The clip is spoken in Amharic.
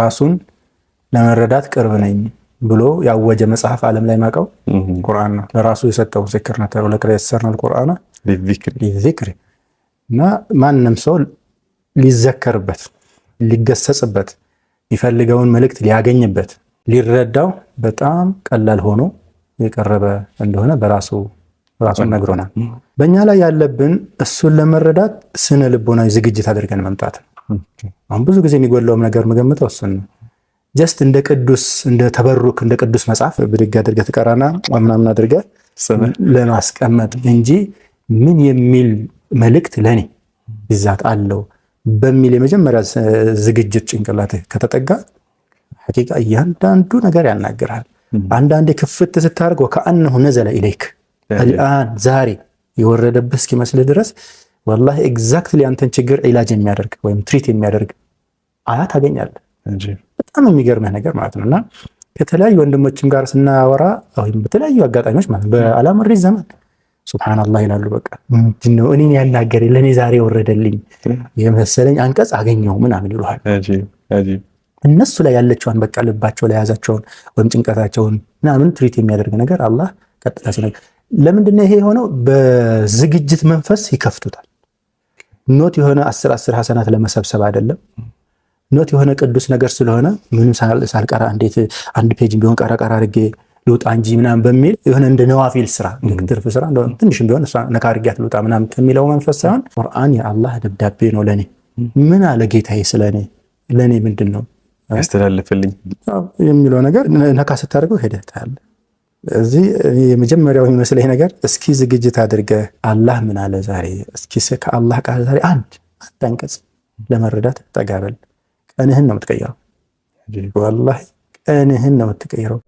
ራሱን ለመረዳት ቅርብ ነኝ ብሎ ያወጀ መጽሐፍ ዓለም ላይ ማቀው ቁርአን ነው። ለራሱ የሰጠው ዚክር ነው ተብሎ የተሰራል ቁርአን ዚክር እና ማንም ሰው ሊዘከርበት፣ ሊገሰጽበት፣ የሚፈልገውን መልእክት ሊያገኝበት፣ ሊረዳው በጣም ቀላል ሆኖ የቀረበ እንደሆነ በራሱ ራሱን ነግሮናል። በእኛ ላይ ያለብን እሱን ለመረዳት ስነ ልቦናዊ ዝግጅት አድርገን መምጣት ነው። አሁን ብዙ ጊዜ የሚጎለውም ነገር መገምተው እሱን ነው። ጀስት እንደ ቅዱስ እንደ ተበሩክ እንደ ቅዱስ መጽሐፍ ብድግ አድርገህ ትቀራና ምናምን አድርገህ ለማስቀመጥ እንጂ ምን የሚል መልእክት ለእኔ ብዛት አለው በሚል የመጀመሪያ ዝግጅት ጭንቅላት ከተጠጋ ሐቂቃ እያንዳንዱ ነገር ያናግራል። አንዳንዴ ክፍት ስታደርገው ከአንሁ ነዘለ ኢሌክ አልአን ዛሬ የወረደብህ እስኪመስልህ ድረስ ወላሂ ኤግዛክትሊ አንተን ችግር ኢላጅ የሚያደርግ ወይም ትሪት የሚያደርግ አያ ታገኛለህ። በጣም የሚገርምህ ነገር ማለት ነው። እና ከተለያዩ ወንድሞችም ጋር ስናወራ ወይም በተለያዩ አጋጣሚዎች ማለት ነው በአላምሪ ዘመን ሱብሃነላህ ይላሉ። በቃ ምንድን እኔን ያናገረኝ ለእኔ ዛሬ ወረደልኝ የመሰለኝ አንቀጽ አገኘው ምናምን ይሉሃል። እነሱ ላይ ያለችዋን በቃ ልባቸው ላይ የያዛቸውን ወይም ጭንቀታቸውን ምናምን ትሪት የሚያደርግ ነገር አላህ ቀጥታ ሲነግር፣ ለምንድን ይሄ የሆነው? በዝግጅት መንፈስ ይከፍቱታል። ኖት የሆነ አስር አስር ሀሰናት ለመሰብሰብ አይደለም። ኖት የሆነ ቅዱስ ነገር ስለሆነ ምንም ሳልቀራ እንዴት አንድ ፔጅ ቢሆን ቀራ ቀራ አድርጌ ልውጣ እንጂ ምናምን በሚል የሆነ እንደ ነዋፊል ስራ ትርፍ ስራ ትንሽም ቢሆን ነካ አድርጊያት ልውጣ ምናምን ከሚለው መንፈስ ሳይሆን ቁርአን የአላህ ደብዳቤ ነው ለእኔ። ምን አለ ጌታዬ ስለ እኔ ለእኔ ምንድን ነው ያስተላልፍልኝ የሚለው ነገር ነካ ስታደርገው ሄደህ ታያለህ። እዚህ የመጀመሪያው የሚመስለኝ ነገር እስኪ ዝግጅት አድርገ አላህ ምን አለ ዛሬ እስኪ ከአላህ ቃል ዛሬ አንድ አንድ አንቀጽ ለመረዳት ጠጋበል። ቀንህን ነው የምትቀይረው፣ ወላሂ ቀንህን ነው የምትቀይረው።